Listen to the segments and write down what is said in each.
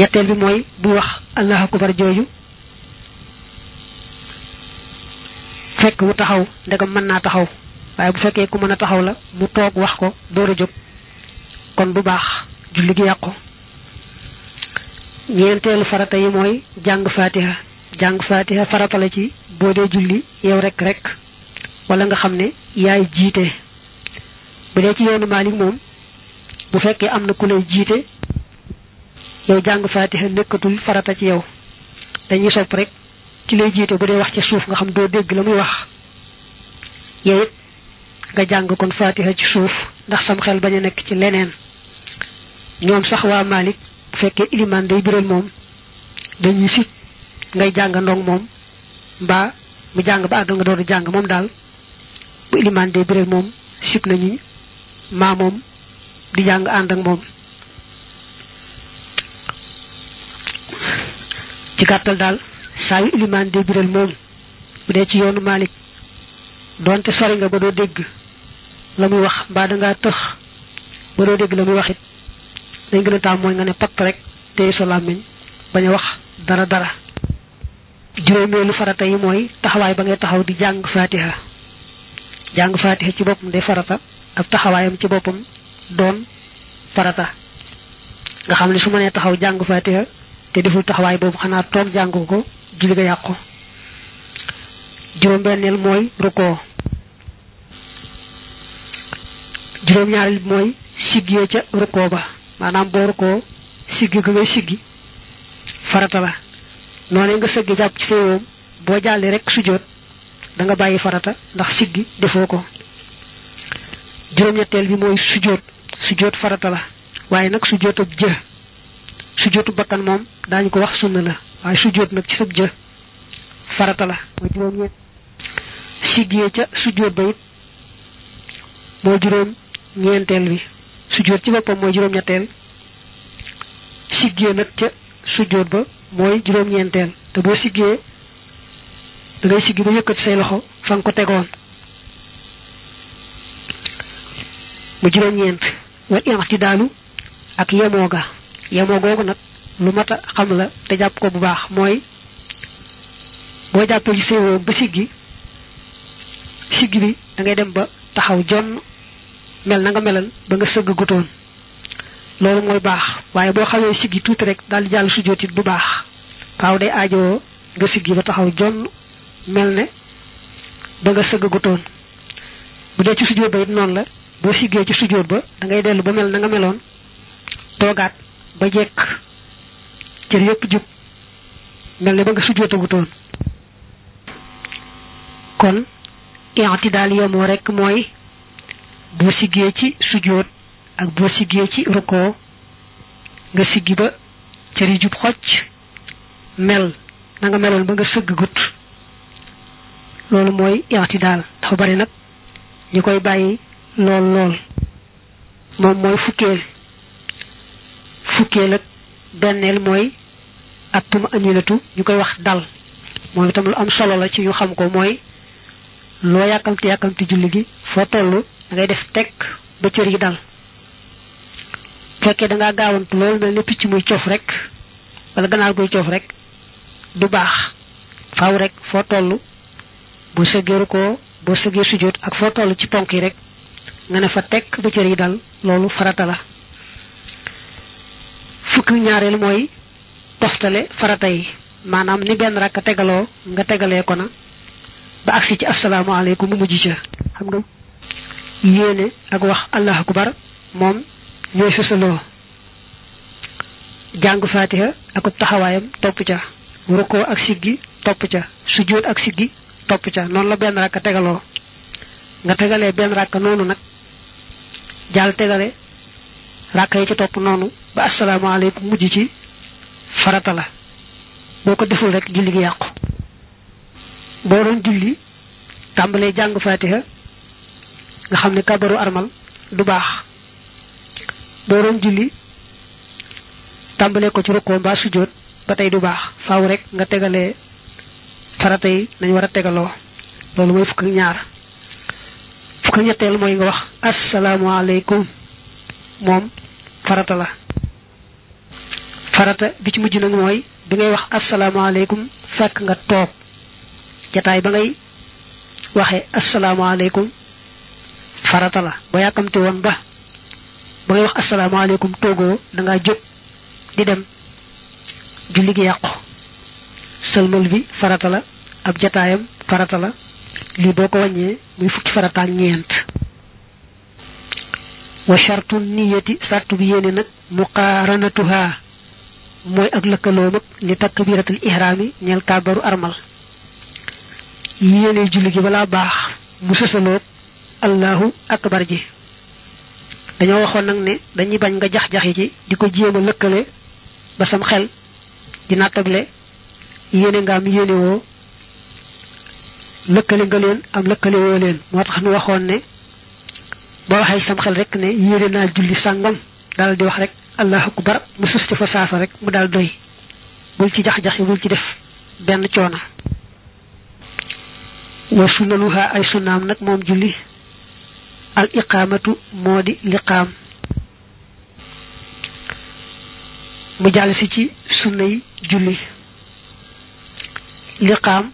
ñetteel bi mooy bu wax allahu akbar jooju fekk mu taxaw ndegam mën naa taxaw waaye bu fekkee ku mën a taxaw la mu toog wax ko door a jóg kon bu baax julli gi yàqu ñeenteelu farata yi mooy jàng fatiha jàng fatiha farata la ci boo dee julli yow rekk rek wala nga xam ne yaay jiite bu dee ci yoonu Maalik moom bu fekkee am na ku lay jiite yow jàng fatiha nekkatul farata ci yow dañuy sopp rek ki lay jiite bu dee wax ci suuf nga xam doo dégg la muy wax yow it nga jàng kon fatiha ci suuf ndax sam xel bañ a nekk ci leneen ñoom sax waa Malick bu fekkee ilimaan day biral moom dañuy sit ngay jàng ndong moom mbaa mu jàng ba àgg nga doon jàng moom daal bu ilimaan day biral moom sib nañu maa moom di jàng ànd ak moom ci gàttal daal saa yu ilimaan de biral moom bu dee ci yoonu Malik doonte sori nga ba doo dégg la muy wax mbaa da tëx ba doo dégg la muy wax dañ gën a taam mooy nga ne patt rek te sa làmmiñ ba a wax dara dara juróomeelu farata yi mooy taxawaay ba ngay taxaw di jàng faatiha jàng faatiha ci boppam de farata ak taxawaayam ci boppam doon farata nga xam ni su ma nee taxaw jàng faatiha te deful taxawaay boobu xanaa toog jàng ko julli ga yàqu juróom-benneel mooy rukkoo juróom-ñaareel mooy siggee ca rukkoo ba maanaam boo rukkoo siggi ko nga siggi farata la noonee nga sëggi jàpp ci feewoom boo jàllee rekk sujjóot da nga bàyyi farata ndax sigg defoo ko juróom-ñetteel bi mooy sujjóot sujjóot farata la waaye nag sujjóot ab jë sujjóotu bakkan moom daañu ko wax sunna la waaye sujjóot nag ci sab jë farata la ba mooy juróom ñeenteel bi sujjóot ci boppam mooy juróom ñetteel siggee ca sujjóot ba mooy juróom ñeenteel te boo siggee da ngay siggi say loxo fa ko tegoon mu juróom ñeent wal iqtidalu ak yemoo yemoo googu nag lu mat a xam la te jàpp ko bu baax mooy boo jàppee ci séeréer ba siggi siggi bi da dem ba taxaw jonn mel na nga melal ba nga sëgg gutoon loolu mooy baax waaye boo xawee siggi tuuti rek daal di jàll sujjóot it bu baax faaw day aajowoo nga siggi ba taxaw jonn mel ne ba nga sëgg gutoon bu dee ci sujjóot la boo ci sujjóot ba da dellu ba mel na nga meloon toogaat ba jekk cër yépp jub mel ne ba nga sujjootagutoon kon i'tidaal yemoo rekk mooy boo siggee ci sujjoot ak boo siggee ci rukkoo nga siggi ba cër yi jub xocc mel na nga meloon ba nga sëgg gut loolu mooy i'tidaal dafa bari nag ñi koy bàyyi lool lool moom mooy fukkeel fukkeel ak benneel mooy attuma anilatu ñu koy wax dal moom itam lu am solo la ci ñu xam ko mooy loo yàkkamti yàkkamti julli gi foo toll da def teg ba cër yi dal fekkee da ngaa gaawantu loolu mel ne picc muy coof rek wala ganaar guy coof rek du baax faaw rek foo toll boo sëggeeru ko boo sëggee sujjóot ak foo toll ci ponk yi rek nga ne fa teg ba cër yi dal loolu farata la fukk ñaareel mooy toftale farata yi maanaam ni benn rakk tegaloo nga tegalee ko na ba agsi ci asalaamaaleykum mu mujj ca xam nga yéene ak wax allah akbar moom ñooy fesaloo jàng faatiha ak taxawaayam topp ca rukkoo ak siggi topp ca sujjóot ak siggi topp ca noonu la benn rakk tegaloo nga tegalee benn rakk noonu nag jàll tegale rakk yi ci topp noonu ba asalaamaaleykum mujj ci farata la boo ko deful rekk julli gi yàqu boo doon julli tàmbalee jàng fatiha nga xam ne kabaru armal du baax boo doon julli tàmbalee ko ci rukkoo mbaa sujjóot ba tey du baax faaw rek nga tegalee farata yi nañ war a tegaloo loolu mooy fukk ñaar fukk ñetteel mooy nga wax asalaamaaleykum moom farata la farata bi ci mujj nag mooy bi ngay wax asalaamaaleykum fekk nga toog jataay ba ngay waxee asalaamaaleykum farata la ba yàkkamte woon ba ba ngay wax asalaamaaleykum toogoo da ngaa jóg di dem julli gi yàqu sëlmal bi farata la ab jataayam farata la lii boo ko wàññee muy fukki farata ak wa shartu niyati sartu bi yéene nag muqaaranatuha mooy ak lëkkaloo mag li takk ihraam yi ñeel kàbbaru armal yéene julli gi balaa baax mu sësaloog allahu akbar ji dañoo waxoon nag ne dañuy bañ nga jax-jax yi ci di ko jéem a lëkkale ba sam xel di nattable yéene nga am yéene woo lëkkale nga leen am lëkkale woo leen moo tax ñu waxoon ne boo waxee sam xel rekk ne yéene naa julli sàngam daal di wax rek allahu akbar mu sus ci fa saasa rek mu daal doy bul ci jax-jax bul ci def benn coono wa sunnanuha ay sunnaam nag moom julli al iqaamatu moo di liqaam mu jàll si ci sunna yi julli liqaam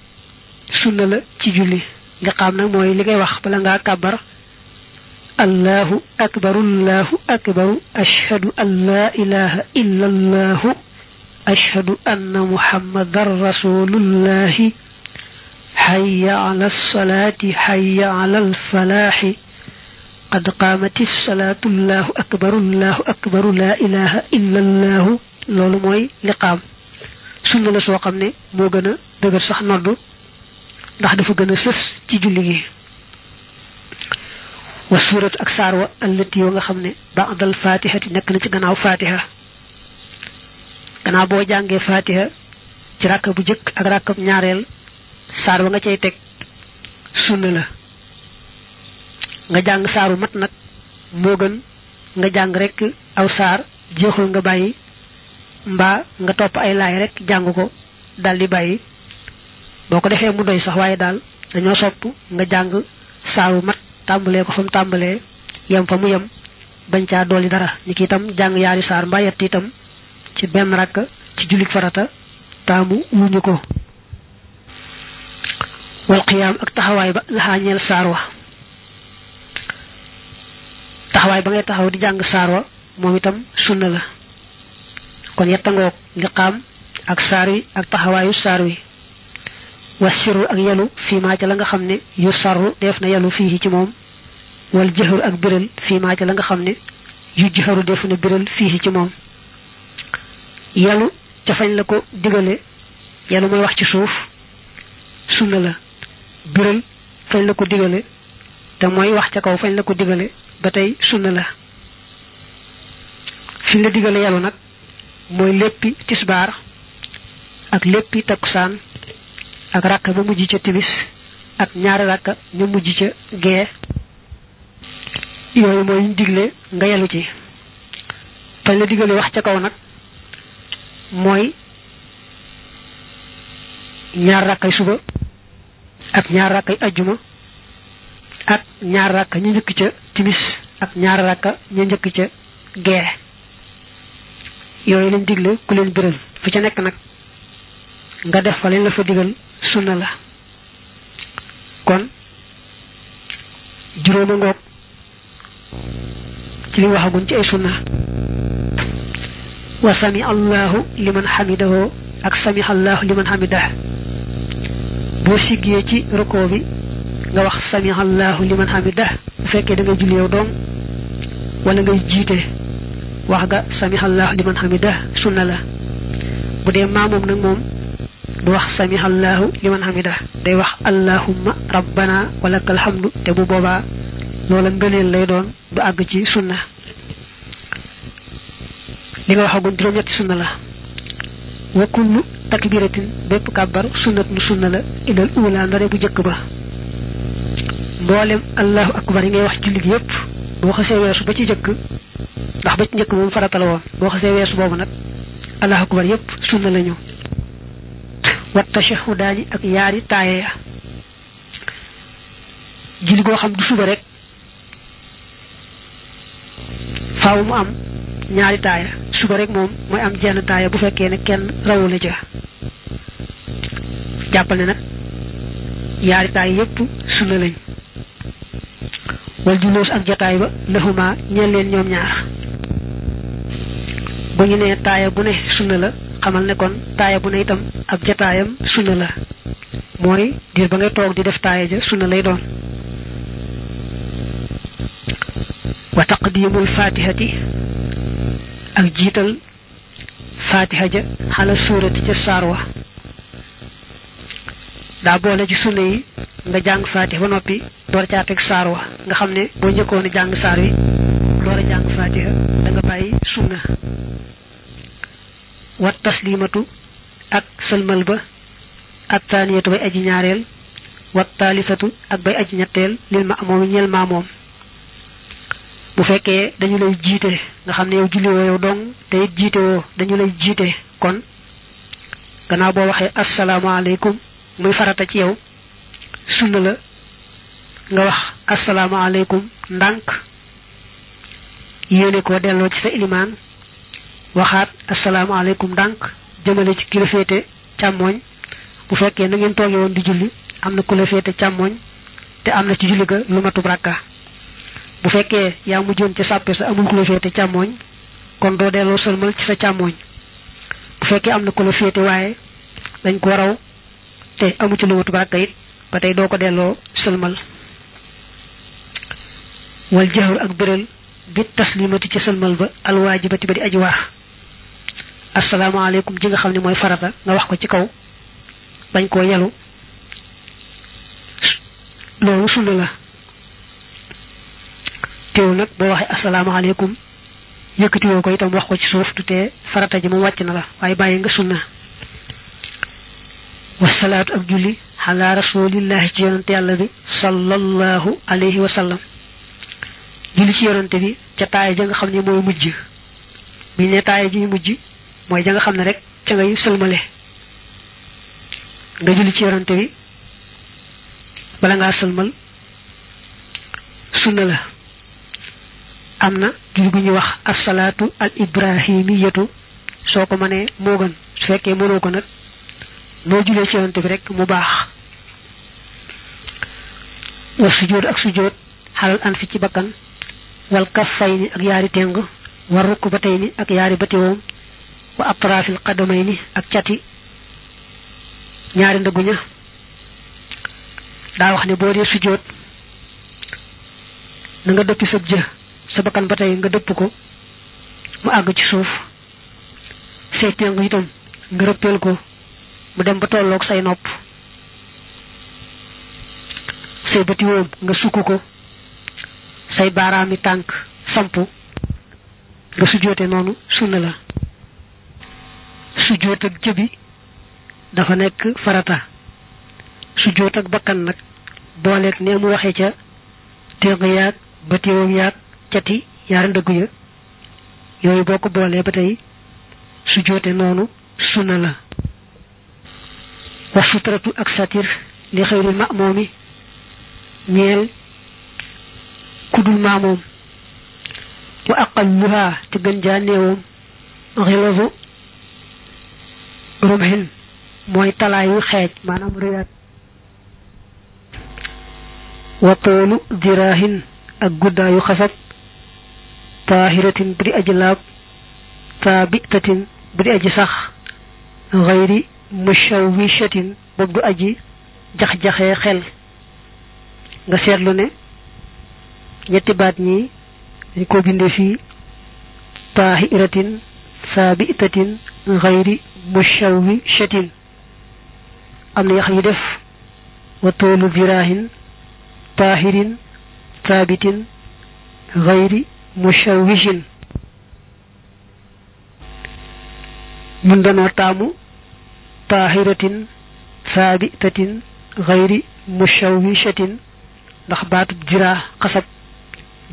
sunna la ci julli liqaam nag mooy li ngay wax bala ngaa kàbbar allahu akbar allahu akbar ashhadu an laa ilaha illa allahu ashhadu anna muhammadan rasulullahi hayya ala alsalaati hayya ala alfalaaxi qad qaamati salaatu allahu akbar allahu akbar laa ilaha illa allahu loolu mooy liqaam sunna la soo xam ne moo gën a dëgër sax noddu ndax dafa gën a sës ci julli gi wa suurat ak saar wa allati yoo nga xam ne ba'dal fatihati nekk na ci gannaaw fatiha gannaaw boo jàngee fatiha ci ràkka bu jëkk ak ràkka bu ñaareel saar wa nga cay teg sunna la nga jàng saaru mat nag moo gën nga jàng rekk aw saar jeexul nga bàyyi mbaa nga topp ay laay rekk jàng ko dal di bàyyi boo ko defee mu doy sax waaye daal dañoo sopp nga jàng saaru mat tàmbalee ko fa mu tàmbalee yem fa mu yem bañ caa dolli dara ni ki itam jàng yaari saar mbaa yett ci benn rakk ci jullit farata taamu wuñu ko wal ak taxawaay ba laxaa ñeel saar wa taxawaay ba ngay taxaw di jàng saar wa moom itam sunna la kon yettangoog liqaam ak saar ak taxawaayu saar wi washiru ak yalu fiima la nga xam ne yu sarru def na yalu fii ci moom wal jëxaru ak biral fiima la nga xam ni yu jëxaru defu na biral fii ci moom yalu ca fañ la ko digale yalu mooy wax ci suuf sunna la biral fañ la ko digale te mooy wax ca kaw fañ la ko digale ba tey sunna la fiñ la digale yalu nag mooy léppi tisbaar ak léppi takkusaan ak rakk ba mujj ca timis ak ñaari rakk ñu mujj ca gee yooyu mooy ñu digle nga yelu ci bañ la digale wax ca kaw nag mooy ñaar rakkay suba ak ñaar rakkay ajjuma ak ñaar rakka ñu njëkk ca timis ak ñaar rakka ñu njëkk ca gee yooyu lañ digle ku leen biral fi ca nekk nag nga def fa lañ la fa digal sunna la kon juróoma ngoog ci li waxagun ci ay sunna wa sami allahu liman xamidahu ak sami allahu liman xamidah boo siggee ci rukoo bi nga wax sami allahu liman xamidah bu fekkee da ngay julli yow doom wala ngay jiite wax nga sami allahu man xamidah sunna la bu dee maamoom nag moom du wax samiha allahu liman hamida day wax allahumma rabbana walakal hamdu te bu boobaa loola ngëneel lay doon du àgg ci sunna li nga waxagun juróom-ñetti sunna la wa kullu takbiratin bépp kàbbar sunnat nu sunna la ilal ula ndare bu jëkk ba mboolem allahu akbar yi ngay wax julli gi yëpp boo xasee weesu ba ci jëkk ndax ba ci njëkk moom farata woon boo xasee weesu boobu nag allahu akbar yëpp sunna la ñu wa tashahudaani ak yaari taaye ya julli goo xam du suba rek faw mu am ñaari taaya suba rek moom mooy am jenn taaya bu fekkee ne kenn rawu la ca jàppale ne nag yaari taaya yépp sunna lañ wal julloos ak jataay ba lëxumaa ñeel leen ñoom ñaar bu ñu nee taaya bu ne sunna la xamal nekkoon kon taaya bu ne itam ak jataayam sunna la mooy diir ba ngay toog di def taaya ja sunna lay doon wa taqdimul fatihati ak jiital fatiha ja xala suurati ca saar wa daa boole ci sunna yi nga jàng fatiha ba noppi door caa teg saar wa nga xam ne boo njëkkoon a jàng saar wi door wa taslimatu ak sëlmal ba ak taaniyatu bay aji ñaareel wa taalisatu ak bay aji ñetteel lil ma moom yi ñeel maa moom bu fekkee dañu lay jiite nga xam ne yow julli woo yow dong te it jiite woo dañu lay jiite kon gannaaw boo waxee asalaamaaleykum muy farata ci yow sunna la nga wax asalaamaaleykum ndànk yéene koo delloo ci sa ilimaan waxaat asalaamaaleykum ndànk jëmale ci ki la féete càmmooñ bu fekkee na ngeen toogee woon di julli am na ku féete càmmooñ te am na ci julli ga lu matub rakka bu fekkee yaa mujjoon ca sàppe sa amul ku la féete càmmooñ kon doo delloo sëlmal ci sa càmmooñ bu fekkee am na ku féete waaye dañ ko raw te amu ci lu matub rakka it ba tey doo ko delloo sëlmal wal jahru ak bérél bi taslimati ci sëlmal ba alwaajibati ba di aji waax asalaamaaleykum ji nga xam ni mooy farata nga wax ko ci kaw bañ koo yelu loolu sunna la teew nag boo waxee asalaamaaleykum yëkkatiwoo ko itam wax ko ci suuf du tee farata ji mu wàcc na la waaye bàyyi nga sunna wasalaatu ak julli ala rasulillahi ci yonante yàlla bi sallallahu alayhi wa sallam julli ci yonante bi ca taaya ja xam ne mooy mujj bu ne taaya ji mujj mooy ja xam ne rek ca ngay sëlmale nga julli ci yorante bi bala ngaa sëlmal sunna la am na julli gu ñuy wax asalaatu al ibrahimiyatu soo ko mënee moo gën su fekkee mënoo ko nag noo jullee ci yorante bi rekk mu baax wa sujjóot ak sujjóot xalal an fi ci bakkan wal kaffay ni ak yaari téng war rukk ba tey ni ak yaari batiwoom wa atraafil qadamayni ak cati ñaari ndëggu ña daa wax ne boo dee sujjóot na nga dëppi sab jë sa bakkan ba tey nga dëpp ko mu àgg ci suuf say tënk itam nga rëppeel ko mu dem ba tolloog say nopp say bëti nga sukk ko say baaraami tànk samp nga sujjóote noonu sunna la sujjóot ak jëbi dafa nekk farata sujjóot ak bakkan nag booleeg nee mu waxee ca téng yaag ba téewam yaag cati yaari ndëggu ya yooyu boo ko ba tey sujjóote noonu sunna la wax sutratu ak satir li xëyri maamomi ñeel kudul maamoom wa aqalluha te gën jaa néewoom xilafu rumhin mooy talaayu xeej maanaam riyaat wa ak guddaayu xasab taahiratin bu di aji laab taabitatin bu di aji sax xayri mushawishatin boobu du aji jax-jaxee xel nga seetlu ne ñetti baat ñi dañ ko binde fii taahiratin saabitatin xayri mushawwi shatin am na yax yu def wa toolu viraahin taahirin thabitin gayri mushawishin ñun danoo taamu taahiratin thabitatin gayri mushawishatin ndax baatub jiraa xasab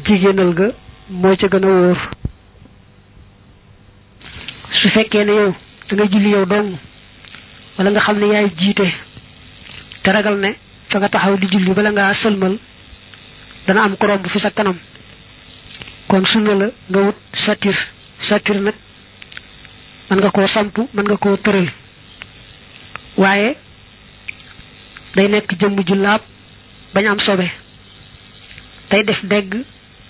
jigéenal ga moo ca gën a wóor su fekkee ne yow te nga julli yow dong wala nga xam ne yaay jiite te ragal ne fa nga taxaw di julli bala ngaa sëlmal dana am ko romb fi sa kanam kon sunna la nga wut satir satir nag mën nga koo samp mën nga koo tëral waaye day nekk jëmm ju laab bañ am sobe day def dégg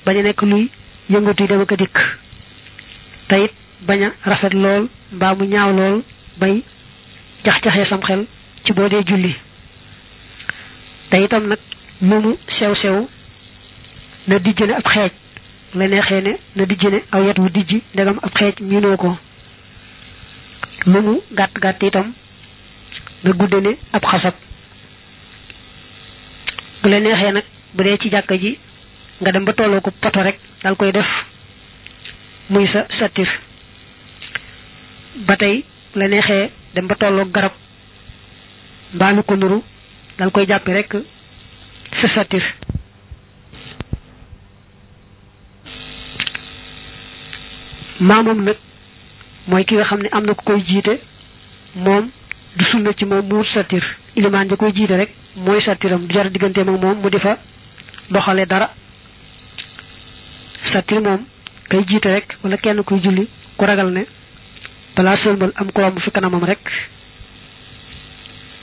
bañ a nekk luy yëngatu yi dem a ko dikk te bañ a rafet lool mbaa mu ñaaw lool bay jax-jaxee sam xel ci boo dee julli te itam nag lu mu sew sew na dijj ne ab xeej la neexee ne na dijj ne aw yet wu dijj ndegam ab xeej miinoo ko lu mu gàtt gàtt itam na gudde ne ab xasab bu la neexee nag bu dee ci jàkka ji nga dem ba tolloo ko poto rek dal koy def muy sa satir ba tey la neexee dem ba tolloo garab mbaa lu ko nuru dal koy jàppe rek sa satir maamam nag mooy ki nga xam ne am na ku koy jiite moom du sunna ci moom mu wut satir ilimaan ja koy jiite rek mooy satiram du jar digganteem ak moom mu di fa dara satir moom kay jiite rek wala kenn kuy julli ku ragal ne balaa sëlmal am ko romb fi kanamam rek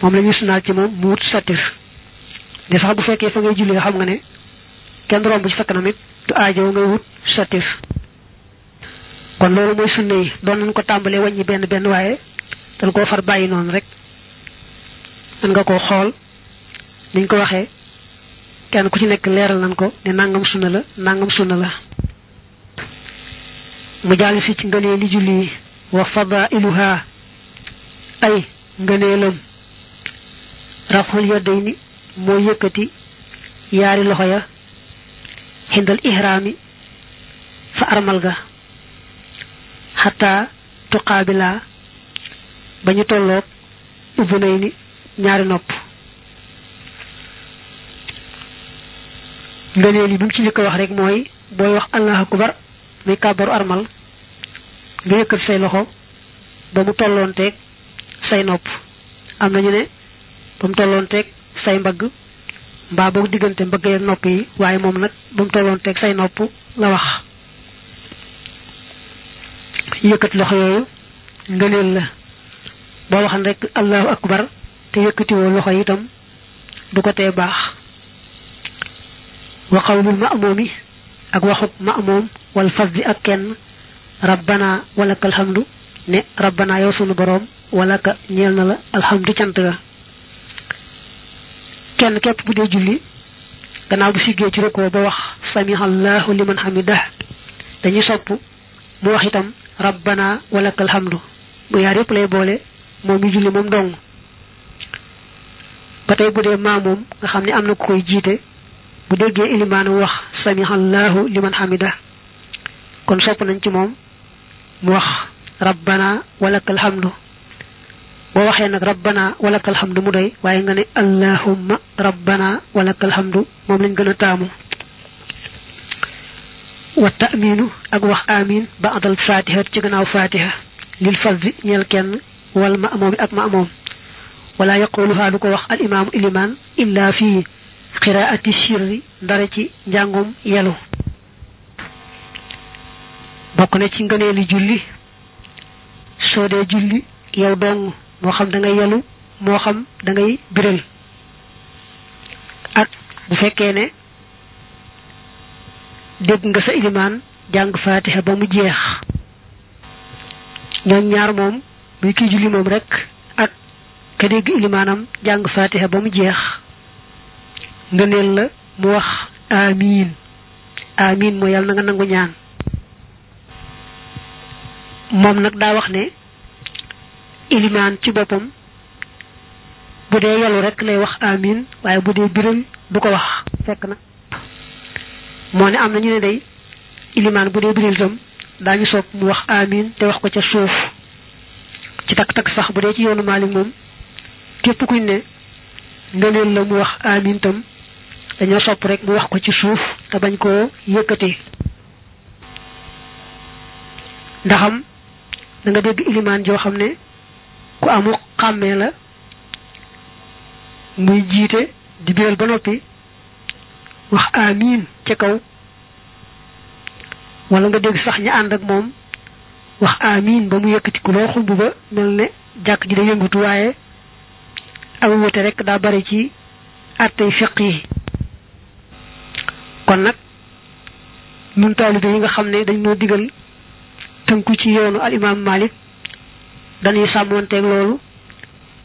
moom la ñuy sunaal ci moom mu wut sattir de sax bu fekkee fa ngay jullee xam nga ne kenn romb ci sa kanam it du aajo ngay wut sattir kon loolu mooy sunna yi doon nañ ko tàmbalee wàññi benn benn waaye dañ koo far bàyyi noonu rek mën nga koo xool niñ ko waxee kenn ku ci nekk leeral nañ ko ne nangam sunna la nangam sunna la mu jàll fii ci ngënee li julli wa fadailuha ay ngëneelam raful yodday ni moo yëkkati yaari loxo ya xindal ihraami fa armal ga xataa tuqaabilaa ba ñu tolloog ubbi nay ni ñaari nopp ngëneel yi bi mu ci njëkk a wax rek mooy booy wax allahu akbar muy kàbbaru armal nga yëkkat say loxo ba mu tolloonteeg say nopp am na ñu ne ba mu tolloonteeg say mbagg mbaa boo diggante mbagg yeeg nopp yi waaye moom nag ba mu tolloonteeg say nopp la wax yëkkat loxo yooyu ngëneel la boo waxan rek allahu akbar te yëkkatiwoo loxo yi itam du ko tee baax wa qawlul ma'muumi ak waxuk ma'muum wal fasdi ak kenn rabbana walaka alhamdu ne rabbana yow sunu boroom walaka ñeel na la alhamdu cant ga kenn képp bu dee julli gannaaw bu siggee ci rekoo ba wax samihallahu liman hamidah dañuy sopp mu wax itam rabbana walaka alhamdu bu yaar yëpp lay boole moom mi julli moom dong ba tey bu dee maamoom nga xam ne am na ku koy jiite bu déggee ilimaanu wax samihallahu liman hamidah kon sopp nañ ci moom mu wax rabbana walakal hamdu boo waxee nag rabbana walakal hamdu mu doy waaye nga ne allahumma rabbana walakal hamdu moom lañ gën a taamu wa taaminu ak wax amin baadal fatiha ci gannaaw fatiha lil fazzi ñeel kenn wal maamoom ak maamoom wala yaquluha du ko wax al imaamu ilimaan illa fii qiraati sirri ndara ci njàngum yelu bokk na ci ngëneeli julli soo dee julli yow dong moo xam da ngay yelu moo xam dangay ngay biral ak bu fekkee ne dégg nga sa ilimaan jàng faatiha ba mu jeex ñoom ñaar moom muy kii julli moom rek ak ka dégg ilimaanam jàng faatiha ba mu jeex ngëneel la mu wax amiin amiin mooy yàlla na nga nangu ñaan moom nag daa wax ne ilimaan ci boppam bu dee yalu rek lay wax amin waaye bu dee biral du ko wax fekk na moo ne am na ñu ne day ilimaan bu dee biral daa daañu soog mu wax amin te wax ko ca suuf ci takk takk sax bu dee ci yoonu Maalik moom ku kuñ ne ngëneel la mu wax amin tam dañoo sopp rek mu wax ko ca suuf te bañ koo yëkkati ndaxam da nga dégg ilimaan joo xam ne ku amu xàmmee la muy jiite di biral ba noppi wax amiin ca kaw wala nga dégg sax ña ànd ak moom wax amiin ba mu yëkkati ku loo xumb ba mel ne jàkk ji da yëngutu waaye ak wute rek daa bari ci àttey fiq yi kon nag ñun taalibe yi nga xam ne dañ moo digal tënku ci yoonu al imam malik dañuy sàmmoonteeg loolu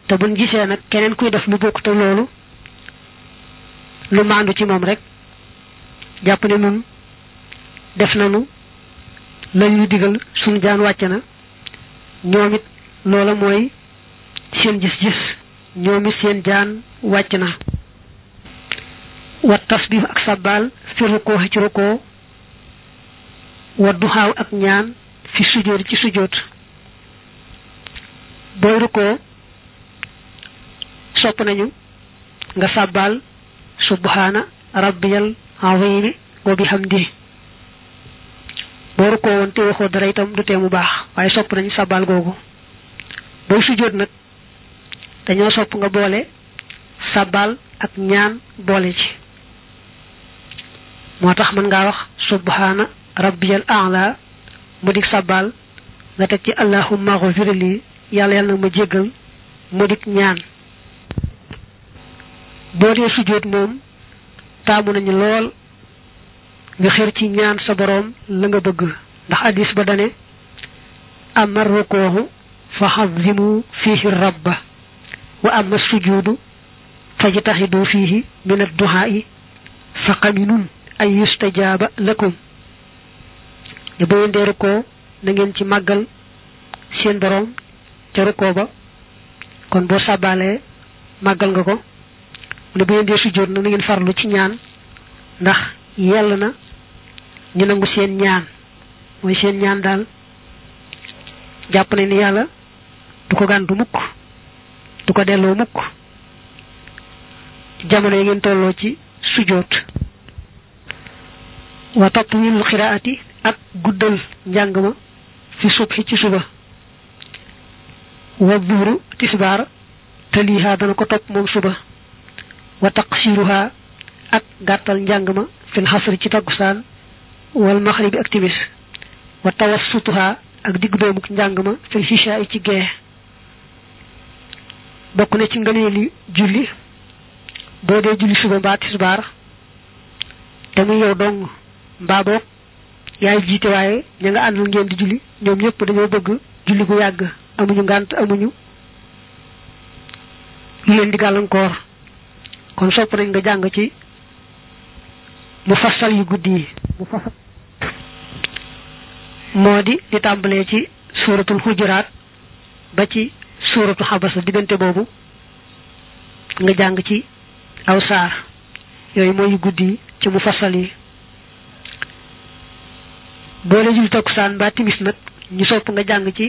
te buñ gisee nag keneen kuy def lu bokk te loolu lu maandu ci moom rek jàpp def nanu lañuy digal suñu jaan wàcc na ñoom mooy seen gis-gis ñoom seen jaan wàcc na wa tasbih ak sabbal fi rukkoo ci rukkoo wa duxaaw ak ñaan fi sujjóot ci sujjóot booy rukkoo sopp nañu nga sàbbaal subhaana rabbiyal azimi wa bihamdi boo rukkoo woon te waxoo dara itam du tee mu baax waaye sopp nañu sàbbaal googu booy sujjóot nag dañoo sopp nga boole sàbbaal ak ñaan boole ci moo tax mën ngaa wax subhaana rabbiyal a'la mu dik sàbbaal nga teg ci allahumma ghfir li yàlla yàlla na ma jéggal mu dik ñaan boo dee sujjóot moom taamu nañu lool nga xër ci ñaan sa boroom la nga bëgg ndax addis ba dane amma rukooxu fa xazimu fiihi rabba wa amma sujudu fajtahidu fiihi min adduhaa yi fa qaminun an yustajaaba lakum ne bu ngeen dee rukkoo na ci màggal seen borom ca rukkoo ba kon boo sàbbaalee màggal nga ko mu ne bu ngeen dee na ngeen farlu ci ñaan ndax yell na ñu nangu seen ñaan mooy seen ñaan daal jàpp nañ ni yàlla du ko gàntu mukk du ko delloo mukk jamono yi ngeen tolloo ci sujjóot wa tatwilul xiraati ak guddal njàng ma fi subhi ci suba wa duhru tisbaar taliha dana ko topp moom suba wa taqsiruha ak gàttal njàng ma fil xasri ci tàggusaan wal maxribi ak timis wa tawassutuha ak digg doomuk njàng ma fil xisha yi ci gee bokk na ci ngëneeli julli boo dee julli suba mbaa tisbaar te muy yow dong mbaa boog yaay jiite waaye ña nga àndal ngeen di julli ñoom ñëpp dañoo bëgg julli gu yàgg amuñu ngànt amuñu lu leen di gàllankoor kon sopp nañ nga jàng ci mu fasal yu guddi yi mu moo di di tàmbalee ci suuratul xujuraat ba ci suuratu xabasa diggante boobu nga jàng ci aw saar yooyu mooy yu guddi ci mu fasal yi boo la jul takkusaan mbaa nag ñu sopp nga jàng ci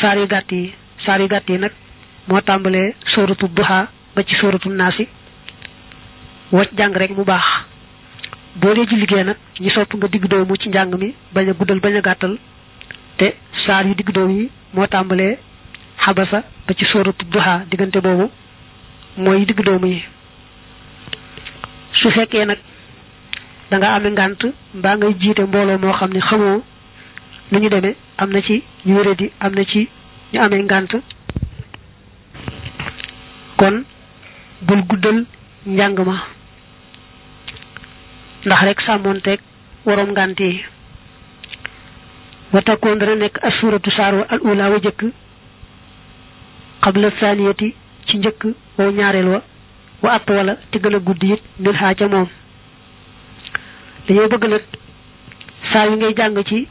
saar yu gàtt yi saar yu gàtt yi nag moo tàmbalee sóoratu duha ba ci sóoratu naasi wacc jàng rek mu baax boo dee julligee nag ñi sopp nga digg doomu ci njàng mi bañ a guddal bañ a te saar yu digg doom yi moo tàmbalee xabasa ba ci sóoratu duha diggante boobu mooy digg doomu yi su fekkee nag danga nga amee ngànt mbaa ngay jiite mbooloo moo xam ne xamoo lu ñu demee am na ci ñu wéradi am na ci ñu amee ngànt kon bul guddal njàng ma ndax rek sàmmoonteeg waroom ngànt yi watakoon dana nekk assuratu saar wa al ula wa jëkk xabla saaniyati ci njëkk wow ñaareel wa wa at wala te gën guddi it mil ca moom dañoo bëgg nag saar yi ngay jàng ci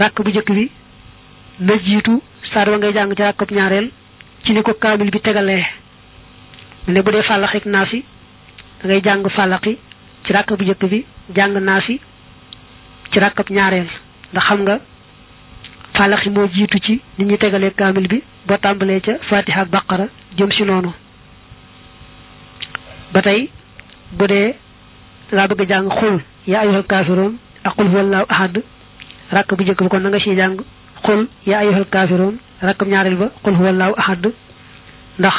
ràkk bu njëkk bi na jiitu saar ba ngay jàng ci ràkkab ñaareel ci ni ko kaamil bi tegalee mu ne bu dee fàllax ak naafi dangay jàng fàllaxi ci ràkk bu njëkk bi jàng naafi ci ràkkab ñaareel ndax xam nga fàllaxi moo jiitu ci nit ñi tegalee kaamil bi boo tàmbalee ca fatiha ak baqara jëm si noonu ba tey bu dee dangaa bëgg a jàng xul yaa ayyuhal kaafiruun ak qul huwallaahu ahad rakk bu njëkk ba kon na nga siy jàng xul yaa ayyuhal kaafiruun rakkam ñaareel ba qul huwallaahu ahad ndax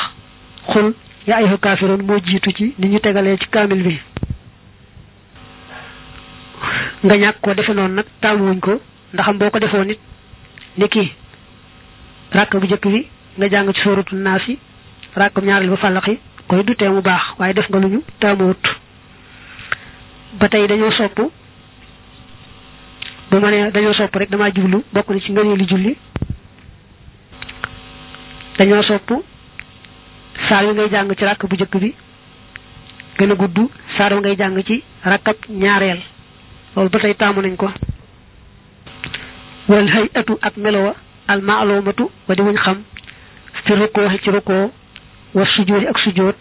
xul yaa ayyuhal kaafiruun moo jiitu ci ni ñu tegalee ci kaamil bi nga ñàkk ko defe noonu nag taamuwuñ ko ndaxam boo ko defoon nit ni kii rakk bu njëkk bi nga jàng ci sóoratu naas yi rakkam ñaareel ba fàllaxi koy du tee mu baax waaye def nga lu ñu taamuwut ba tey dañoo sopp bu ma ne dañoo sopp rek damaa jublu bokk na ci ngëneelu julli dañoo sopp saar wi ngay jàng ci ràkk bu njëkk bi gën a gudd saar wi ngay jàng ci rakkab ñaareel loolu ba tey taamu nañ ko wal hay atu ak melowa al maalumatu wa di xam fi rukkoo ci rukkoo war sujjóoti ak sujjóot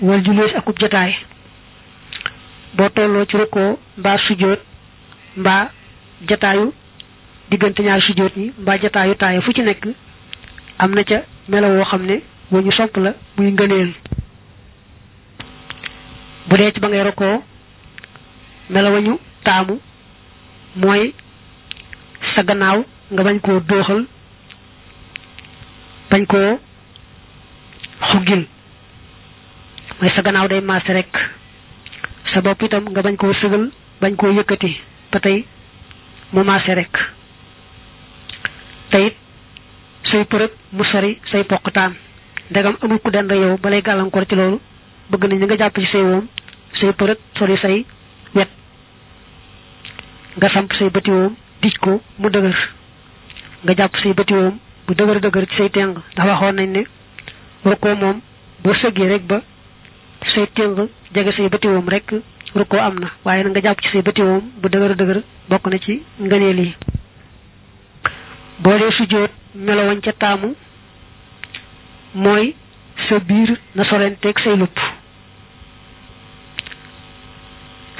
wal julleesi akub jataay boo tolloo ci rukkoo mbaa sujjóot mbaa jataayu diggante ñaari sujjóot yi mbaa jataayu taaya fu ci nekk am na ca melo woo xam ne wa ñu sopp la muy ngëneel bu dee ci ba ngay rukkoo melo wa ñu taamu mooy sa gannaaw nga bañ koo dóoxal bañ koo xuggil mooy sa gannaaw day maase rek sa bopp itam nga bañ koo sëgal bañ koo yëkkati ba tey mu maase rek teyit say përëg mu sori say poqtaan ndegam amul ku dend yow balay gàllankoor ci loolu bëgg nañ nga jàpp ci say woom say sori say wet nga samp say bëti woom dij ko mu dëgër nga jàpp say bëti woom bu dëgër dëgër ci say teng ndax waxoon nañ ne rukkoo moom boo sëggee rek ba say témb jege say bëtiwoom rek rukkoo am na waaye nag nga jàpp ci say bëtiwoom bu dëgër dëgër bokk na ci ngëneel yi boo dee sujjóot melowañ ca taamu mooy sa biir na sorenteeg say lupp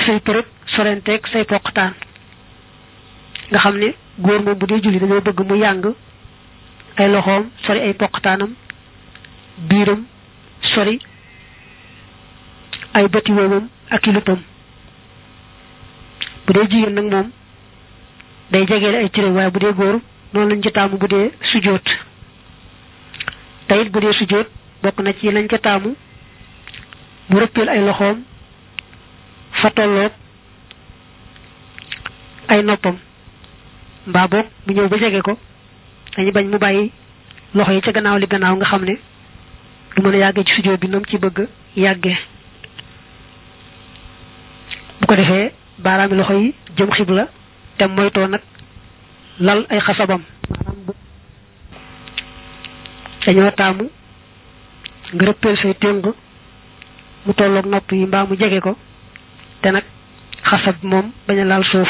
say përëb sorenteeg say poqtaan nga xam ne góor moom bu dee julli dañoo bëgg mu yàng ay loxoom sori ay poqtaanam biiram sori ay bëti woomam ak i luppam bu dee jigéen nag moom day jegeele ay cëram waaye bu dee góor noonu lañ ca taamu bu dee sujjóot te it bu dee sujjóot bokk na ci lañ ca taamu mu rëppeel ay loxoom fa tolloog ay noppam mbaa boog mu ñëw ba jege ko dañu bañ mu bàyyi loxo yi ca gannaaw li gannaaw nga xam ne du mën a yàggee ci sujjóot bi nam ci bëgg yàggee bu ko defee baaraami loxo yi jëm la te moytoo nag lal ay xasabam dañoo taamu nga rëppeel say téng mu tolloog nopp yi mbaa mu jege ko te nag xasab moom bañ a laal suuf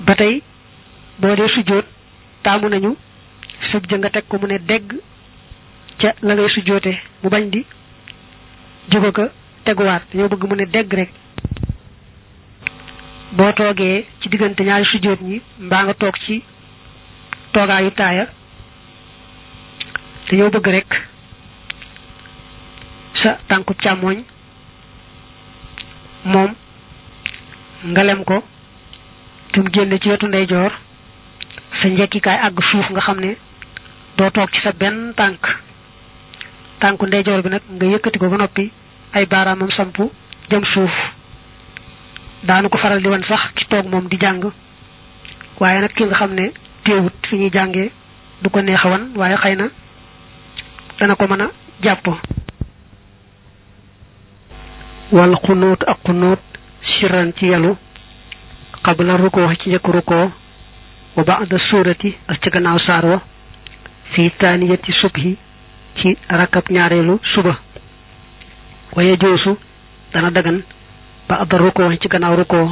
ba tey boo dee sujjóot taamu nañu sëb jënga teg ko mu ne dégg ca la ngay sujjóote mu bañ di jóg ko teguwaat dañoo bëgg mu ne dégg rek boo toogee ci diggante ñaari sujjóot ñi mbaa nga toog ci toogaayu taaya dañoo bëgg rek sa tànku càmmoñ moom nga lem ko te mu génne ci wetu ndeyjoor sa njekkikaay àgg suuf nga xam ne doo toog ci sa benn tànk tànku ndeyjoor bi nag nga yëkkati ko ba noppi ay baaraamam samp jëm suuf daanu ko faral di wan sax ki toog moom di jàng waaye nag ki nga xam ne téewut fi ñuy jàngee du ko neex a wan waaye xëy na dana ko mën a jàpp wal xunóot ak xunóot siran ci yelu xabla rukoo ci njëkk rukoo wa ba'da suurati ak ci gannaaw saar wa fii taaniyati subhi ci rakab ñaareelu suba waye joosu dana dagan ba adda rukkoo ci gannaaw rukkoo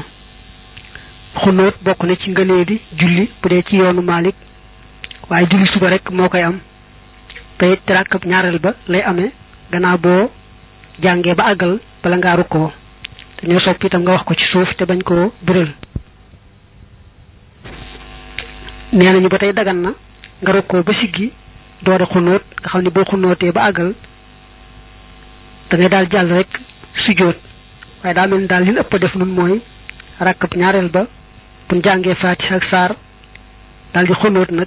xunóot bokk na ci ngënee di julli bu dee ci yoonu Malik waaye julli suba rek moo koy am te it rakkab ñaareel ba lay amee gannaaw boo jàngee ba àggal bala ngaa rukkoo dañoo sopp itam nga wax ko ci suuf te bañ koo bëral nee nañu ba tey dagan na nga rukkoo ba siggi doora xunóot nga xam ne boo xunóotee ba àggal da ngay daal jàll rek sujjóot waaye daal mel daal li ñu ëpp def nun mooy ràkkab ñaareel ba buñ jàngee faatiha ak saar daal di xonóot nag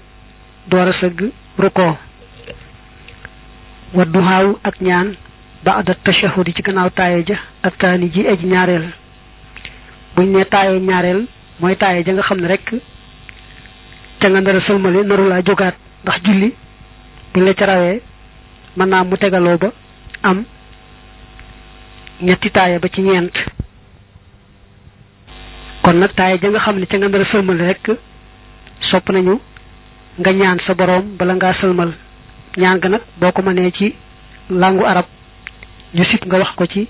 door a sëgg rukkoo wa duhaaw ak ñaan baada tashahudi ci gannaaw taaye ja ak taani ji aji ñaareel buñ ne taaye ñaareel mooy taaye ja nga xam ne rek ca nga nar a sëlmale naru laa jógaat ndax julli buñ la ca rawee mën naa mu tegaloo ba am ñetti taaya ba ci ñeent kon nag taaya ja nga xam ne ca nga nar a sëlmal rek sopp nañu nga ñaan sa boroom bala ngaa sëlmal ñaan ga nag boo ko mënee ci langu arab ñu sit nga wax ko ci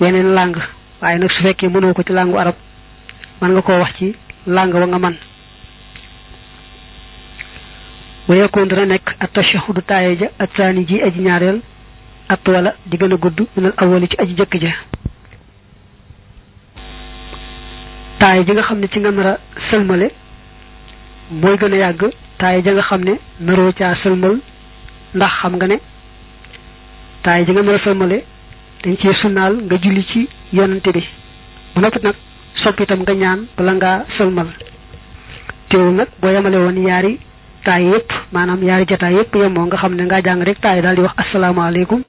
weneen làng waaye nag su fekkee mënoo ko ci langu arab mën nga koo wax ci làng wa nga man wa yakun dana nekk at tashahudu taaya ja at saani ji aji ñaareel atwala di gën a gudd minal awali ci aji jëkk ja taay ji nga xam ne ci nga nar a sëlmale mooy gën a yàgg taay ja nga xam ne naroo caa sëlmal ndax xam nga ne taay ji nga nar a sëlmale dañ cee sunnaal nga julli ci yonante bi bu noppi nag sopp itam nga ñaan bala ngaa sëlmal teewul nag boo yemale woon yaari taay yëpp maanaam yaari jataay yëpp yemoo nga xam ne ngaa jàng rek taay daal di wax asalaamaaleykum